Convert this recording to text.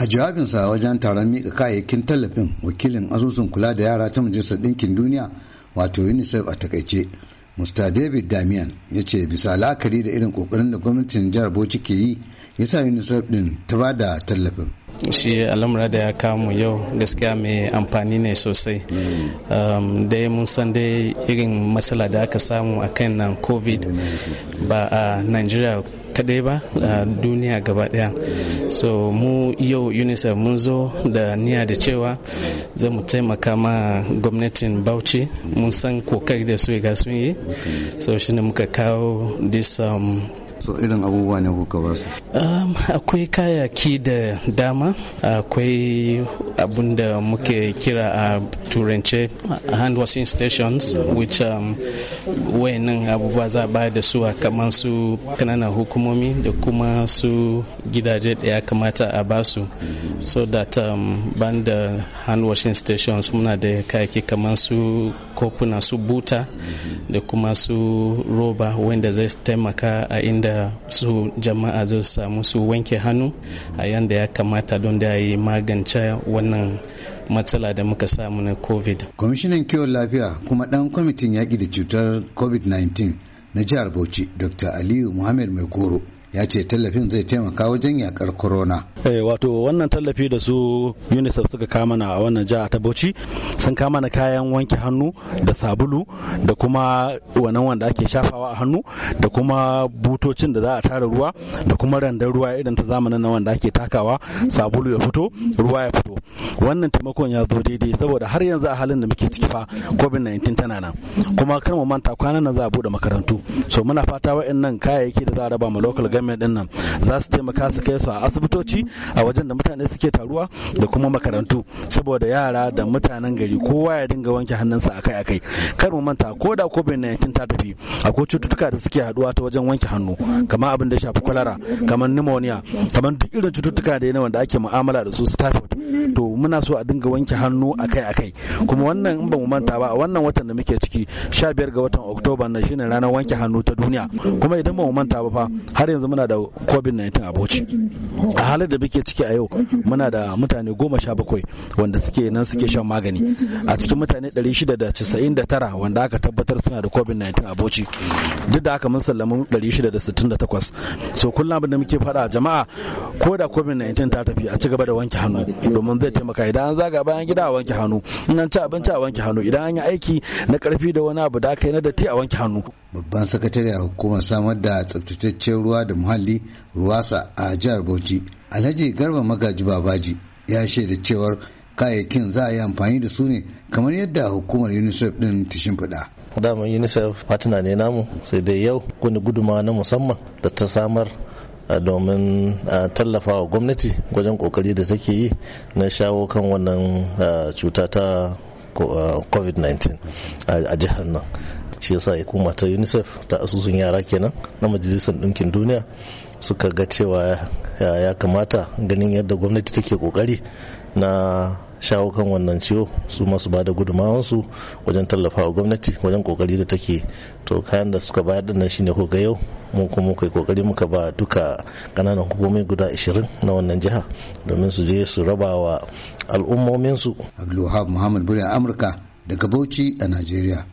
a jawabinsa wajen taron mika kayayyakin tallafin wakilin asusun kula da yara ta majalisar ɗinkin duniya wato unicef a takaice mr david damian ya ce bisa la'akari da irin kokarin da gwamnatin jihar bauchi ke yi ya sa unicef din ta ba da tallafin shi al'amura da ya kamu yau gaskiya mai amfani ne sosai um, dai mun san dai irin matsala da aka samu a kan covid ba a nigeria kadai ba a duniya gaba daya so mu yau unicef mun zo da niyya da cewa za mu taimaka ma gwamnatin bauchi mun san kokari da su ga sun yi so shine muka kawo this um, so irin abubuwa ne kuka ba su um, akwai kayaki da dama akwai abun da muke kira a turance hand washing stations which um, wayannan abubuwa za ba da su a kamar su kananan hukumomi da kuma su gidaje da ya kamata a basu su so that um, ban da hand washing stations muna da kayaki kamar su kofuna su buta da kuma su roba wanda zai taimaka a inda da su jama'a zai samu su wanke hannu a yadda ya kamata don da yi magance wannan matsala da muka samu na covid kwamishinan kiwon lafiya kuma dan kwamitin yaƙi da cutar covid-19 na jihar bauchi dr aliyu muhammad mai goro ya ce tallafin zai taimaka wajen yakar corona Eh, wato wannan tallafi da su unicef suka kama na a wannan jiha ta bauchi sun kama na kayan wanke hannu da sabulu da kuma wannan wanda ake shafawa a hannu da kuma butocin da za a tara ruwa da kuma randar ruwa idan ta zamanin na wanda ake takawa sabulu ya fito ruwa ya fito wannan taimakon ya zo daidai saboda har yanzu a halin da muke ciki fa covid-19 tana nan kuma kar mu manta kwanan nan za a bude makarantu so muna fata wa'annan kayayyaki da za a raba ma local government din nan za su taimaka su kai su a asibitoci a wajen da mutane suke taruwa da kuma makarantu saboda yara da mutanen gari kowa ya dinga wanke hannunsa akai-akai kar mu manta ko da covid-19 ta tafi akwai cututtuka da suke haduwa ta wajen wanke hannu kamar abin da shafi kwalara kamar pneumonia kamar duk irin cututtuka da yana wanda ake mu'amala da su tafi. to muna so a dinga wanke hannu akai akai kuma wannan in ba mu manta ba a wannan watan da muke ciki 15 ga watan oktoba na shine ranar wanke hannu ta duniya kuma idan ba mu manta ba fa har yanzu muna da covid 19 a boci a halin da muke ciki a yau muna da mutane goma sha bakwai wanda suke nan suke shan magani a cikin mutane 699 wanda aka tabbatar suna da covid 19 a boci duk da haka mun sallamu 668 so kullum abin da muke faɗa jama'a ko da covid 19 ta tafi a ci gaba da wanke hannu domin zai taimaka idan an zaga bayan gida a wanke hannu in an ci abinci a wanke hannu idan an yi aiki na karfi da wani abu da aka yi na datti a wanke hannu babban sakatare a hukumar samar da tsaftataccen ruwa da muhalli ruwasa a jihar bauchi alhaji garba magaji babaji ya shaida cewar kayayyakin za a yi amfani da su ne kamar yadda hukumar unicef din ta shimfiɗa daman unicef fatina ne namu sai dai yau wani guduma na musamman da ta samar domin tallafa wa gwamnati wajen kokari da take yi na shawo kan wannan cuta ta covid-19 a jihar nan shi yasa ya kuma ta unicef ta asusun yara kenan na majalisar ɗinkin duniya suka ga cewa ya kamata ganin yadda gwamnati take kokari na shawo kan wannan ciwo su masu ba da gudunmawansu wajen tallafa wa gwamnati wajen kokari da take to kayan da suka bayar shi shine ko ga yau mun kuma kai kokari muka ba duka kananan hukumomi guda 20 na wannan jiha domin su je su raba wa al'ummominsu abdulwahab muhammad a amurka daga bauchi a najeriya